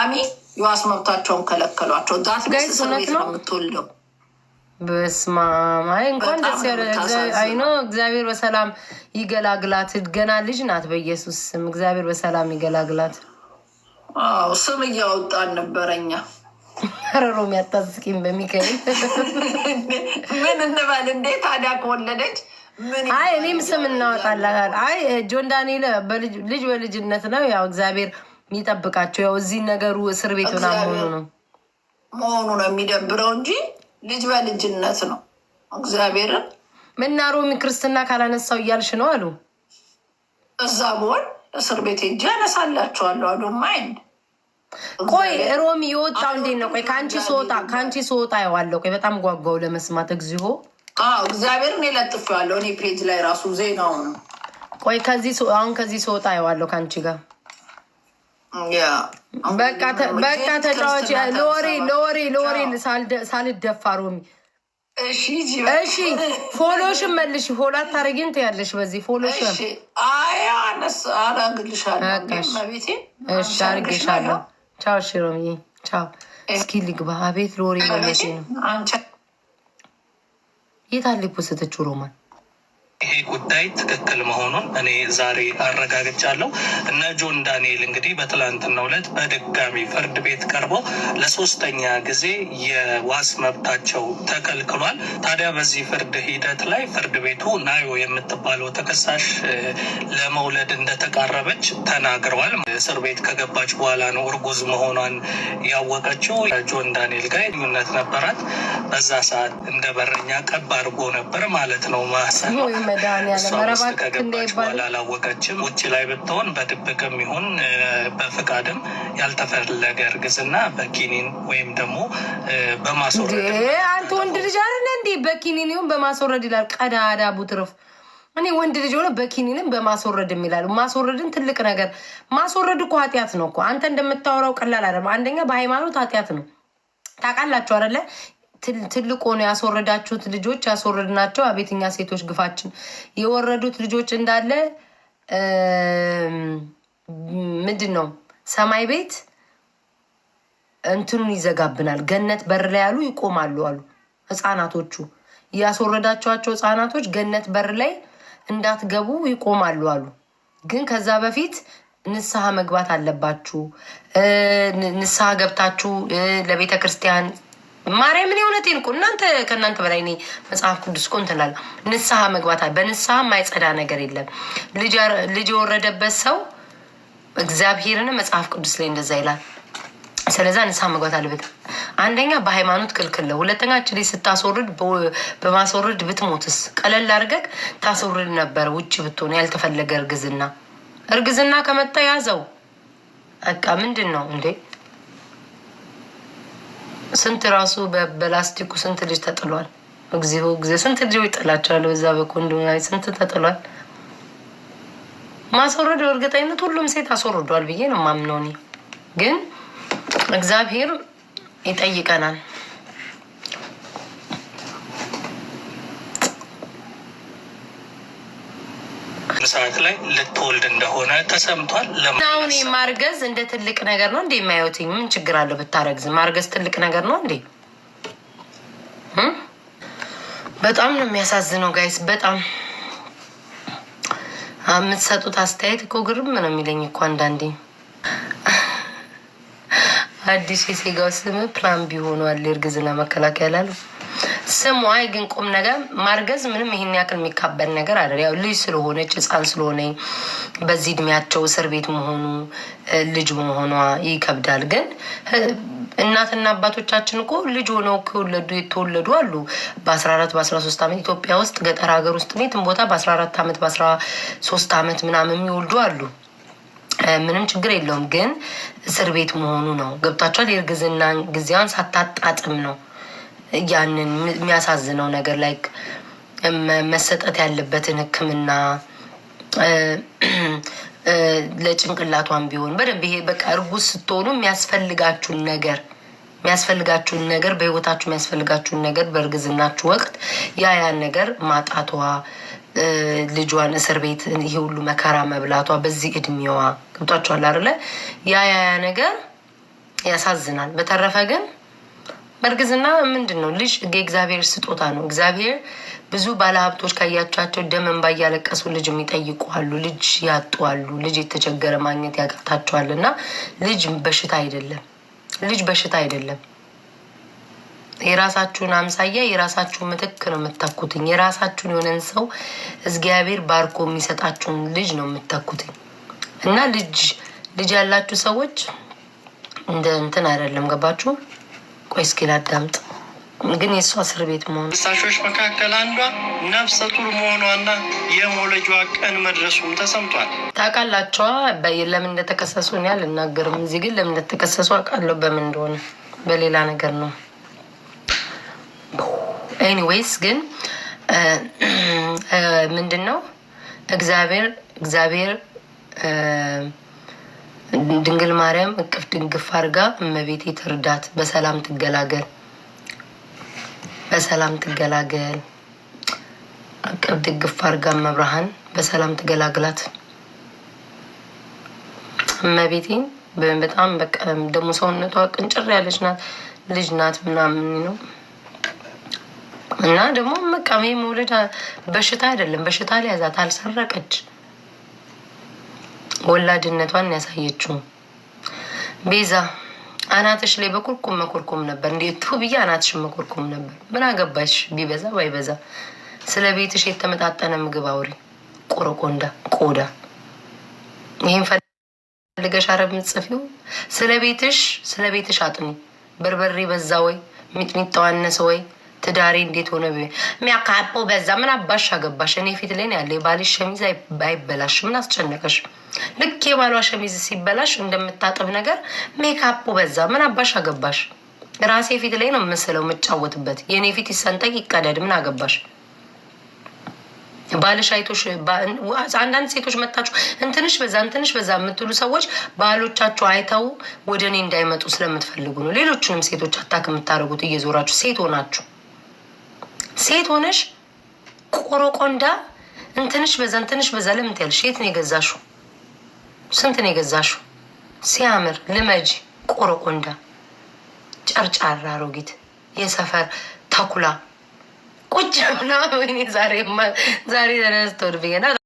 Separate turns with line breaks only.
ቀዳሚ የዋስ መብታቸውን ከለከሏቸው። ዛት እስር ቤት ነው የምትወልደው።
በስማማ እንኳን ደስ አይኖ እግዚአብሔር በሰላም ይገላግላት። ገና ልጅ ናት። በኢየሱስ ስም እግዚአብሔር በሰላም ይገላግላት።
አዎ ስም እያወጣን ነበረኛ
ረሮ የሚያታስቂም በሚካኤል
ምን እንበል እንዴ ታዲያ ከወለደች
አይ እኔም ስም እናወጣላታል። አይ ጆን ዳንኤል ልጅ በልጅነት ነው ያው እግዚአብሔር የሚጠብቃቸው ያው እዚህ ነገሩ እስር ቤት ሆና መሆኑ ነው
መሆኑ ነው የሚደብረው እንጂ ልጅ በልጅነት ነው። እግዚአብሔርን
ምና ሮሚ ክርስትና ካላነሳው እያልሽ ነው አሉ።
እዛ በሆን እስር ቤት እንጂ ያነሳላቸዋሉ አሉ። ማይንድ
ቆይ ሮሚ የወጣው እንዴት ነው? ቆይ ከአንቺ ስወጣ ከአንቺ ስወጣ የዋለው ቆይ በጣም ጓጓው ለመስማት እግዚኦ
እግዚአብሔርን የለጥፈዋለሁ እኔ ፔጅ ላይ ራሱ ዜናው ነው።
ቆይ ከዚህ አሁን ከዚህ ስወጣ የዋለው ከአንቺ ጋር በቃ ተጫዋች ሎሪ ሎሪ ሎሪ ሳልደፋ ሮሚ እሺ፣ ፎሎሽን መልሽ። ፎሎ አታረጊም ትያለሽ። በዚህ ፎሎሽን
አረግልሻለሁ።
ቻው እሺ፣ ሮሚ ቻው። እስኪ ልግባ። አቤት ሎሪ መለሽ ነው። የት አለ የፖሰተችው ሮማን?
ይሄ ጉዳይ ትክክል መሆኑን እኔ ዛሬ አረጋግጫለሁ። እነ ጆን ዳንኤል እንግዲህ በትላንትናው ዕለት በድጋሚ ፍርድ ቤት ቀርበው ለሶስተኛ ጊዜ የዋስ መብታቸው ተከልክሏል። ታዲያ በዚህ ፍርድ ሂደት ላይ ፍርድ ቤቱ ናዮ የምትባለው ተከሳሽ ለመውለድ እንደተቃረበች ተናግረዋል። እስር ቤት ከገባች በኋላ ነው እርጉዝ መሆኗን ያወቀችው። ጆን ዳንኤል ጋር ልዩነት ነበራት። በዛ ሰዓት እንደ በረኛ ቀብ አድርጎ ነበር ማለት ነው ማሰ ከገባች በኋላ አላወቀችም። ውጭ ላይ ብትሆን በድብቅም ይሁን በፍቃድም ያልተፈለገ እርግዝና በኪኒን ወይም ደግሞ በማስወረድ
አንተ ወንድ ልጅ አለ እንዴ? በኪኒን ይሁን በማስወረድ ይላል። ቀዳዳ ቡትርፍ እኔ ወንድ ልጅ ሆነ በኪኒንም በማስወረድ የሚላሉ ማስወረድን ትልቅ ነገር ማስወረድ እኮ ኃጢአት ነው እኮ አንተ እንደምታወራው ቀላል አይደለም። አንደኛ በሃይማኖት ኃጢአት ነው ታውቃላችሁ አይደለ? ትልቁ ሆኖ ያስወረዳችሁት ልጆች ያስወረድናቸው፣ አቤትኛ ሴቶች ግፋችን የወረዱት ልጆች እንዳለ ምንድን ነው ሰማይ ቤት እንትኑን ይዘጋብናል። ገነት በር ላይ ያሉ ይቆማሉ አሉ ህፃናቶቹ። ያስወረዳችኋቸው ህፃናቶች ገነት በር ላይ እንዳትገቡ ይቆማሉ አሉ። ግን ከዛ በፊት ንስሐ መግባት አለባችሁ። ንስሐ ገብታችሁ ለቤተ ክርስቲያን ማርያምን የእውነቴን እኮ እናንተ ከእናንተ በላይ እኔ መጽሐፍ ቅዱስ እኮ እንትን ንስሐ መግባት በንስሐ የማይጸዳ ነገር የለም። ልጅ የወረደበት ሰው እግዚአብሔርን መጽሐፍ ቅዱስ ላይ እንደዛ ይላል። ስለዛ ንስሐ መግባት አለበት። አንደኛ በሃይማኖት ክልክል ነው። ሁለተኛ ችሊ ስታስወርድ በማስወርድ ብትሞትስ? ቀለል አድርገህ ታስወርድ ነበር ውጭ ብትሆን ያልተፈለገ እርግዝና እርግዝና ከመጣ ያዘው በቃ ምንድን ነው እንዴ? ስንት ራሱ በላስቲኩ ስንት ልጅ ተጥሏል። እግዚኦ ጊዜ ስንት ልጅ ይጥላቸዋል። በዛ በኮንዶ ላይ ስንት ተጥሏል። ማስወረድ በእርግጠኝነት ሁሉም ሴት አስወርዷል ብዬ ነው የማምነው እኔ። ግን እግዚአብሔር ይጠይቀናል።
ሰዓት ላይ ልትወልድ እንደሆነ ተሰምቷል።
አሁን ማርገዝ እንደ ትልቅ ነገር ነው እንዴ የማየት? ምን ችግር አለው ብታረግዝ? ማርገዝ ትልቅ ነገር ነው እንዴ? በጣም ነው የሚያሳዝነው ጋይስ። በጣም የምትሰጡት አስተያየት እኮ ግርም ነው የሚለኝ እኮ አንዳንዴ። አዲስ የሴጋው ስም ፕላን ቢ ሆኗል። መከላከያ ላሉ ስሙ አይ ግን ቁም ነገር ማርገዝ ምንም ይህን ያክል የሚካበድ ነገር አይደል። ያው ልጅ ስለሆነች ህፃን ስለሆነ በዚህ እድሜያቸው እስር ቤት መሆኑ ልጅ መሆኗ ይከብዳል። ግን እናትና አባቶቻችን እኮ ልጅ ሆነው ከወለዱ የተወለዱ አሉ። በ 14 በ በ13 ዓመት ኢትዮጵያ ውስጥ ገጠር ሀገር ውስጥ ቤትም ቦታ በ14 ዓመት በ13 ዓመት ምናምን የሚወልዱ አሉ። ምንም ችግር የለውም። ግን እስር ቤት መሆኑ ነው ገብታችኋል። የእርግዝና ጊዜዋን ሳታጣጥም ነው ያንን የሚያሳዝነው ነገር ላይ መሰጠት ያለበትን ሕክምና ለጭንቅላቷን ቢሆን በደንብ ይሄ በቃ እርጉዝ ስትሆኑ የሚያስፈልጋችሁን ነገር የሚያስፈልጋችሁን ነገር በህይወታችሁ የሚያስፈልጋችሁን ነገር በእርግዝናችሁ ወቅት ያ ያን ነገር ማጣቷ፣ ልጇን እስር ቤት ይሄ ሁሉ መከራ መብላቷ በዚህ እድሜዋ ገብቷችኋል አይደለ? ያ ያ ነገር ያሳዝናል። በተረፈ ግን በእርግዝና ምንድን ነው ልጅ የእግዚአብሔር ስጦታ ነው። እግዚአብሔር ብዙ ባለሀብቶች ካያቻቸው ደም እንባ እያለቀሱ ልጅ የሚጠይቁ አሉ፣ ልጅ ያጡ አሉ፣ ልጅ የተቸገረ ማግኘት ያቃታቸዋል። እና ልጅ በሽታ አይደለም፣ ልጅ በሽታ አይደለም። የራሳችሁን አምሳያ የራሳችሁን ምትክ ነው የምታኩትኝ። የራሳችሁን የሆነን ሰው እግዚአብሔር ባርኮ የሚሰጣችሁን ልጅ ነው የምታኩትኝ። እና ልጅ ልጅ ያላችሁ ሰዎች እንደ እንትን አይደለም፣ ገባችሁ? ቆይ እስኪ ላዳምጥ። ግን የእሱ እስር ቤት መሆኑ ተከሳሾች መካከል አንዷ ነፍሰ ጡር መሆኗና የመውለጇ ቀን መድረሱም ተሰምቷል። ታውቃላችኋ ለምን እንደተከሰሱ እኔ አልናገርም። እዚህ ግን ለምን እንደተከሰሱ አውቃለሁ። በምን እንደሆነ በሌላ ነገር ነው። ኤኒዌይስ ግን ምንድን ነው እግዚአብሔር እግዚአብሔር ድንግል ማርያም እቅፍ ድንግፍ አድርጋ እመቤቴ ትርዳት፣ በሰላም ትገላገል፣ በሰላም ትገላገል። እቅፍ ድግፍ አድርጋ መብርሃን በሰላም ትገላግላት። እመቤቴ በጣም በቃ ደግሞ ሰውነቷ ቅንጭር ያለች ናት፣ ልጅ ናት ምናምን ነው እና ደግሞ መቃሜ መውለድ በሽታ አይደለም፣ በሽታ ሊያዛት አልሰረቀች ወላድነቷን ያሳየችው ቤዛ አናትሽ ላይ በኩርኩም መኮርኩም ነበር። ቱ ብዬ አናትሽ መኮርኩም ነበር። ምን አገባሽ? ቢበዛ ባይበዛ ስለ ቤትሽ የተመጣጠነ ምግብ አውሪ። ቆረቆንዳ ቆዳ ይህን ፈልገሽ አረብ ምጽፊው። ስለ ቤትሽ ስለ ቤትሽ አጥኒ። በርበሬ በዛ ወይ ሚጥሚጣ ዋነሰ ወይ ትዳሬ እንዴት ሆነ? ሚያካፖ በዛ ምን አባሽ አገባሽ? እኔ ፊት ላይ ያለ የባልሽ ሸሚዝ አይበላሽ። ምን አስጨነቀሽ? ልክ የባሏ ሸሚዝ ሲበላሽ እንደምታጠብ ነገር ሜካፑ በዛ። ምን አባሽ አገባሽ? ራሴ ፊት ላይ ነው የምስለው የምጫወትበት። የእኔ ፊት ይሰንጠቅ ይቀደድ፣ ምን አገባሽ? ባልሽ አይቶሽ። አንዳንድ ሴቶች መታችሁ እንትንሽ በዛ እንትንሽ በዛ የምትሉ ሰዎች ባሎቻችሁ አይተው ወደ እኔ እንዳይመጡ ስለምትፈልጉ ነው። ሌሎችንም ሴቶች አታክ የምታደርጉት እየዞራችሁ። ሴት ሆናችሁ ሴት ሆነሽ ቆሮቆንዳ እንትንሽ በዛ እንትንሽ በዛ ለምን ትያለሽ? የት ነው የገዛሽው? ስንት ነው የገዛሹ? ሲያምር ልመጅ ቆረቆንዳ፣ ጨርጫራ፣ አሮጊት፣ የሰፈር ተኩላ ቁጭ ብላ ወይኔ ዛሬ ዛሬ ተነስቶ